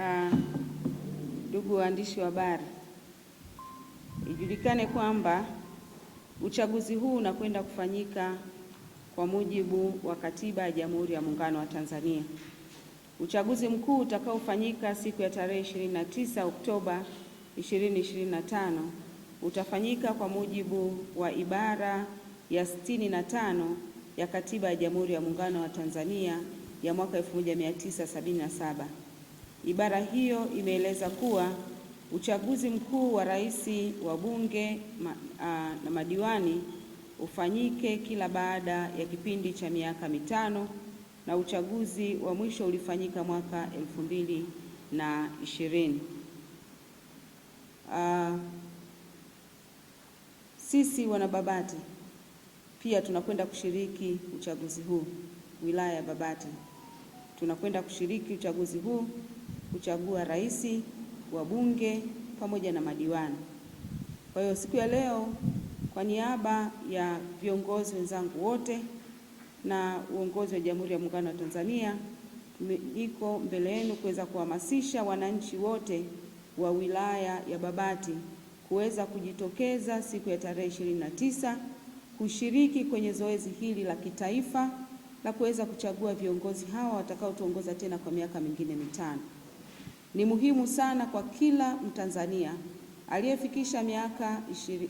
Ah, ndugu uh, waandishi wa habari, ijulikane kwamba uchaguzi huu unakwenda kufanyika kwa mujibu wa Katiba ya Jamhuri ya Muungano wa Tanzania. Uchaguzi mkuu utakaofanyika siku ya tarehe 29 Oktoba 2025 utafanyika kwa mujibu wa ibara ya 65 ya Katiba ya Jamhuri ya Muungano wa Tanzania ya mwaka 1977. Ibara hiyo imeeleza kuwa uchaguzi mkuu wa rais, wa bunge ma, a, na madiwani ufanyike kila baada ya kipindi cha miaka mitano na uchaguzi wa mwisho ulifanyika mwaka elfu mbili na ishirini. Uh, sisi Wanababati pia tunakwenda kushiriki uchaguzi huu wilaya ya Babati tunakwenda kushiriki uchaguzi huu kuchagua rais, wabunge pamoja na madiwani. Kwa hiyo siku ya leo kwa niaba ya viongozi wenzangu wote na uongozi wa Jamhuri ya Muungano wa Tanzania niko mbele yenu kuweza kuhamasisha wananchi wote wa wilaya ya Babati kuweza kujitokeza siku ya tarehe ishirini na tisa kushiriki kwenye zoezi hili la kitaifa la kuweza kuchagua viongozi hawa watakaotuongoza tena kwa miaka mingine mitano ni muhimu sana kwa kila Mtanzania aliyefikisha miaka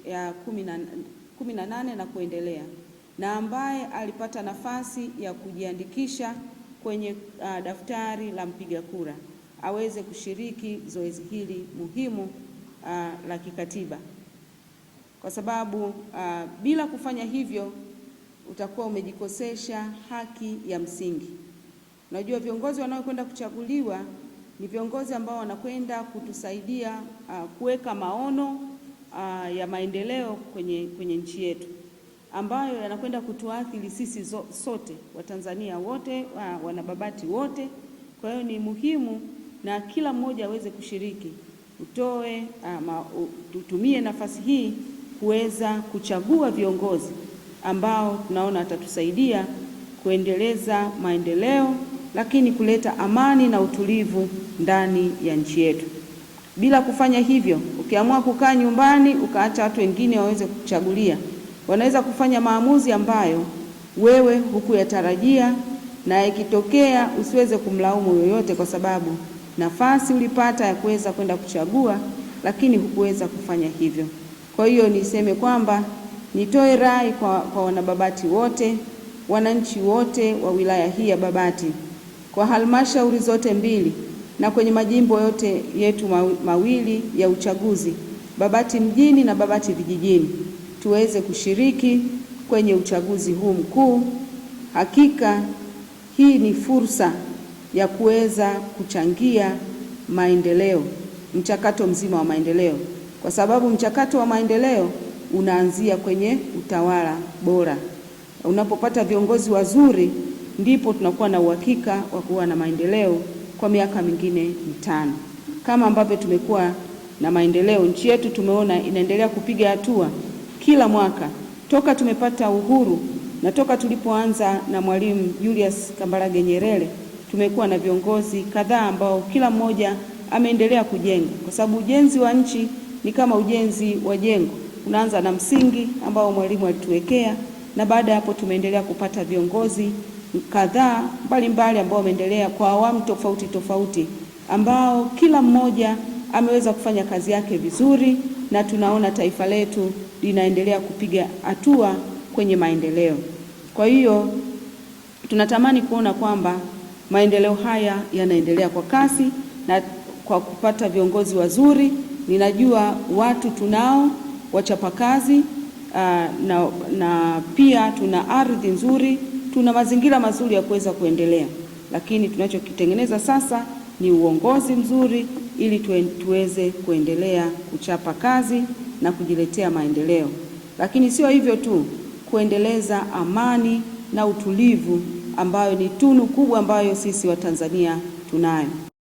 ya kumi na nane na kuendelea na ambaye alipata nafasi ya kujiandikisha kwenye uh, daftari la mpiga kura aweze kushiriki zoezi hili muhimu uh, la kikatiba, kwa sababu uh, bila kufanya hivyo utakuwa umejikosesha haki ya msingi. Unajua, viongozi wanaokwenda kuchaguliwa ni viongozi ambao wanakwenda kutusaidia uh, kuweka maono uh, ya maendeleo kwenye, kwenye nchi yetu ambayo yanakwenda kutuathiri sisi sote Watanzania wote ah, wanababati wote. Kwa hiyo ni muhimu na kila mmoja aweze kushiriki, utoe ama tutumie nafasi hii kuweza kuchagua viongozi ambao tunaona watatusaidia kuendeleza maendeleo lakini kuleta amani na utulivu ndani ya nchi yetu. Bila kufanya hivyo, ukiamua kukaa nyumbani ukaacha watu wengine waweze kuchagulia, wanaweza kufanya maamuzi ambayo wewe hukuyatarajia, na ikitokea usiweze kumlaumu yoyote, kwa sababu nafasi ulipata ya kuweza kwenda kuchagua, lakini hukuweza kufanya hivyo. Kwa hiyo niseme kwamba nitoe rai kwa, kwa wanababati wote, wananchi wote wa wilaya hii ya Babati kwa halmashauri zote mbili na kwenye majimbo yote yetu mawili ya uchaguzi, Babati mjini na Babati vijijini, tuweze kushiriki kwenye uchaguzi huu mkuu. Hakika hii ni fursa ya kuweza kuchangia maendeleo, mchakato mzima wa maendeleo, kwa sababu mchakato wa maendeleo unaanzia kwenye utawala bora. Unapopata viongozi wazuri ndipo tunakuwa na uhakika wa kuwa na maendeleo kwa miaka mingine mitano. Kama ambavyo tumekuwa na maendeleo, nchi yetu tumeona inaendelea kupiga hatua kila mwaka toka tumepata uhuru na toka tulipoanza na Mwalimu Julius Kambarage Nyerere, tumekuwa na viongozi kadhaa ambao kila mmoja ameendelea kujenga, kwa sababu ujenzi wa nchi ni kama ujenzi wa jengo, unaanza na msingi ambao mwalimu alituwekea, na baada ya hapo tumeendelea kupata viongozi kadhaa mbalimbali ambao wameendelea kwa awamu tofauti tofauti, ambao kila mmoja ameweza kufanya kazi yake vizuri, na tunaona taifa letu linaendelea kupiga hatua kwenye maendeleo. Kwa hiyo tunatamani kuona kwamba maendeleo haya yanaendelea kwa kasi na kwa kupata viongozi wazuri. Ninajua watu tunao wachapakazi, na, na pia tuna ardhi nzuri tuna mazingira mazuri ya kuweza kuendelea, lakini tunachokitengeneza sasa ni uongozi mzuri ili tuweze kuendelea kuchapa kazi na kujiletea maendeleo, lakini sio hivyo tu, kuendeleza amani na utulivu ambayo ni tunu kubwa ambayo sisi Watanzania tunayo.